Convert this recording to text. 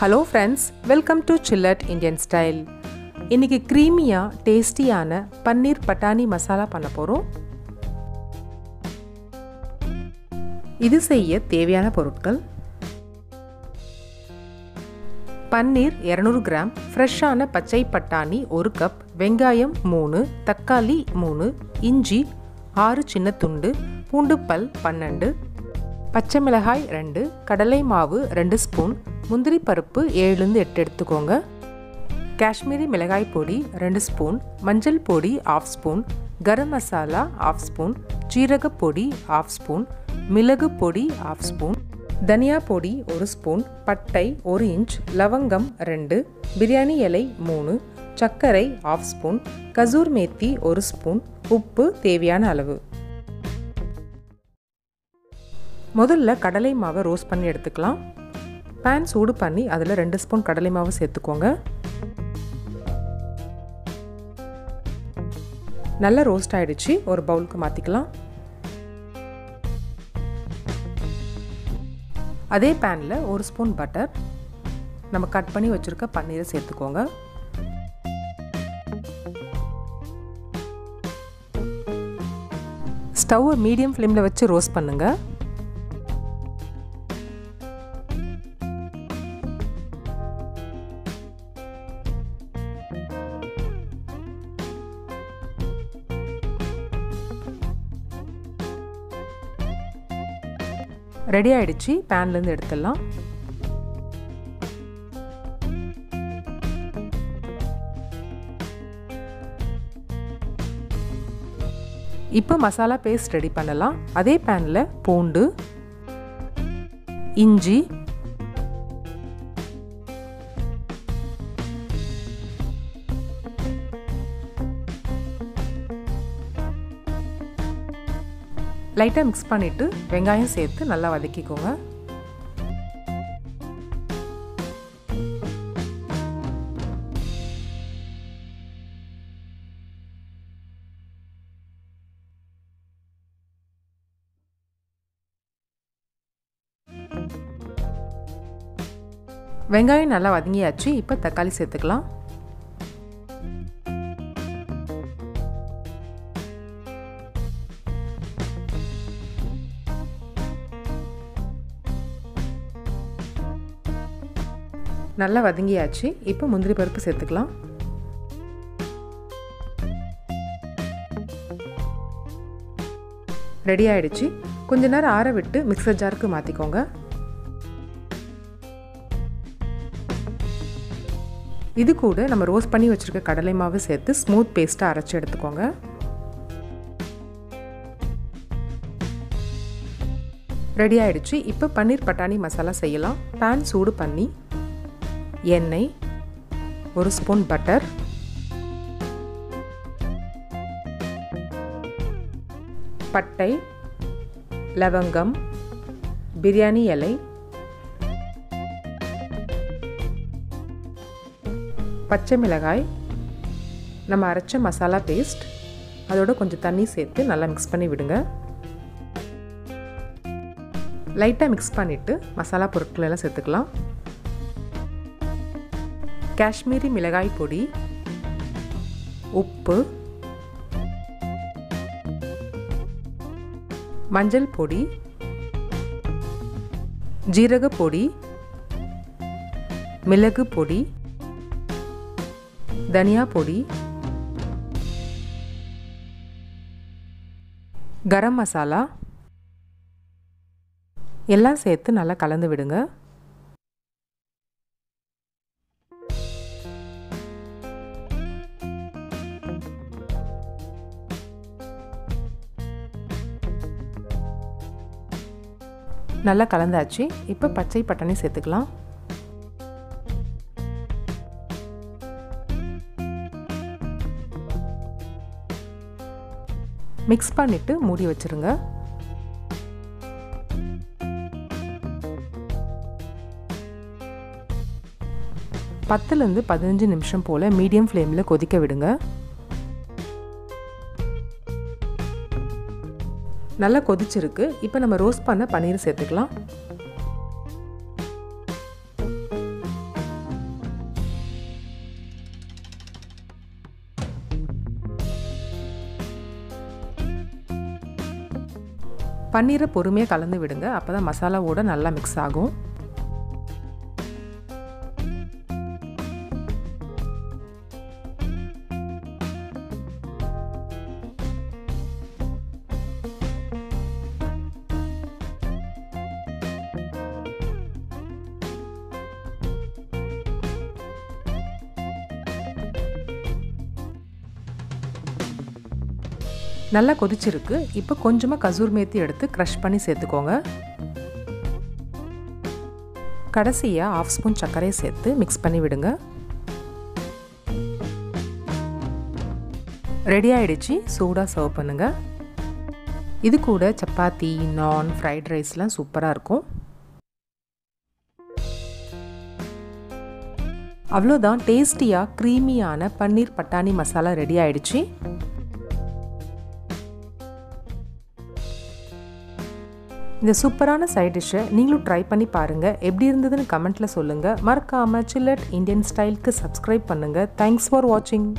hello friends welcome to சில்லட் Indian style இன்றைக்கி க்ரீமியாக டேஸ்டியான பன்னீர் பட்டாணி மசாலா பண்ண போகிறோம் இது செய்ய தேவையான பொருட்கள் பன்னீர் இரநூறு கிராம் ஃப்ரெஷ்ஷான பச்சை பட்டாணி ஒரு கப் வெங்காயம் மூணு தக்காளி மூணு இஞ்சி ஆறு சின்ன துண்டு பூண்டுப்பல் பன்னெண்டு பச்சை மிளகாய் ரெண்டு கடலை மாவு ரெண்டு ஸ்பூன் முந்திரி பருப்பு ஏழுலேருந்து எட்டு எடுத்துக்கோங்க காஷ்மீரி மிளகாய் பொடி ரெண்டு ஸ்பூன் மஞ்சள் பொடி half spoon garam masala half spoon ஜீரக பொடி ஆஃப் ஸ்பூன் மிளகு பொடி ஆஃப் ஸ்பூன் தனியா பொடி ஒரு ஸ்பூன் பட்டை ஒரு இன்ச் லவங்கம் ரெண்டு பிரியாணி இலை மூணு சர்க்கரை ஆஃப் ஸ்பூன் கசூர் மேத்தி ஒரு ஸ்பூன் உப்பு தேவையான அளவு முதல்ல கடலை மாவை ரோஸ்ட் பண்ணி எடுத்துக்கலாம் பேன் சூடு பண்ணி அதில் ரெண்டு ஸ்பூன் கடலை மாவு சேர்த்துக்கோங்க நல்லா ரோஸ்ட் ஆகிடுச்சு ஒரு பவுலுக்கு மாற்றிக்கலாம் அதே பேனில் ஒரு ஸ்பூன் பட்டர் நம்ம கட் பண்ணி வச்சுருக்க பன்னீரை சேர்த்துக்கோங்க ஸ்டவ்வை மீடியம் ஃப்ளேமில் வச்சு ரோஸ்ட் பண்ணுங்கள் ரெடி ஆகிடுச்சு பேன்லேருந்து எடுத்துடலாம் இப்போ மசாலா பேஸ்ட் ரெடி பண்ணலாம் அதே பேனில் பூண்டு இஞ்சி லைட்டாக மிக்ஸ் பண்ணிவிட்டு வெங்காயம் சேர்த்து நல்லா வதக்கிக்கோங்க வெங்காயம் நல்லா வதங்கியாச்சு இப்போ தக்காளி சேர்த்துக்கலாம் நல்லா வதங்கியாச்சு இப்போ முந்திரி பருப்பு சேர்த்துக்கலாம் ரெடி ஆகிடுச்சு கொஞ்ச நேரம் ஆற விட்டு மிக்சர் ஜாருக்கு மாற்றிக்கோங்க இது கூட நம்ம ரோஸ்ட் பண்ணி வச்சுருக்க கடலை மாவு சேர்த்து ஸ்மூத் பேஸ்ட்டாக அரைச்சி எடுத்துக்கோங்க ரெடி ஆகிடுச்சு இப்போ பன்னீர் பட்டாணி மசாலா செய்யலாம் பேன் சூடு பண்ணி எண்ணெய் ஒரு ஸ்பூன் பட்டர் பட்டை லவங்கம் பிரியாணி இலை பச்சை மிளகாய் நம்ம அரைச்ச மசாலா பேஸ்ட் அதோட கொஞ்சம் தண்ணி சேர்த்து நல்லா மிக்ஸ் பண்ணி விடுங்க லைட்டாக மிக்ஸ் பண்ணிவிட்டு மசாலா பொருட்கள் எல்லாம் சேர்த்துக்கலாம் காஷ்மீரி மிளகாய் பொடி உப்பு மஞ்சள் பொடி ஜீரக பொடி மிளகு பொடி தனியா பொடி கரம் மசாலா எல்லாம் சேர்த்து நல்லா கலந்து விடுங்க நல்லா கலந்தாச்சு இப்போ பச்சை பட்டாணி சேர்த்துக்கலாம் மிக்ஸ் பண்ணிவிட்டு மூடி வச்சுருங்க பத்துலேருந்து பதினஞ்சு நிமிஷம் போல் மீடியம் ஃப்ளேமில் கொதிக்க விடுங்க நல்லா கொதிச்சிருக்கு இப்போ நம்ம ரோஸ்ட் பண்ண பன்னீர் சேர்த்துக்கலாம் பன்னீரை பொறுமையாக கலந்து விடுங்க அப்போ தான் மசாலாவோட நல்லா மிக்ஸ் ஆகும் நல்லா கொதிச்சிருக்கு இப்போ கொஞ்சமாக கசூர் மேத்தி எடுத்து க்ரஷ் பண்ணி சேர்த்துக்கோங்க கடைசியாக ஆஃப் ஸ்பூன் சர்க்கரை சேர்த்து மிக்ஸ் பண்ணி விடுங்க ரெடி ஆகிடுச்சு சூடாக சர்வ் பண்ணுங்கள் இது கூட சப்பாத்தி நான் ஃப்ரைட் ரைஸ்லாம் சூப்பராக இருக்கும் அவ்வளோதான் டேஸ்டியாக க்ரீமியான பன்னீர் பட்டாணி மசாலா ரெடி ஆகிடுச்சி இந்த சூப்பரான சைட் டிஷ்ஷை நீங்களும் ட்ரை பண்ணி பாருங்கள் எப்படி இருந்ததுன்னு கமெண்ட்டில் சொல்லுங்கள் மறக்காமல் சில்லட் இந்தியன் ஸ்டைலுக்கு சப்ஸ்கிரைப் பண்ணுங்கள் தேங்க்ஸ் ஃபார் வாட்சிங்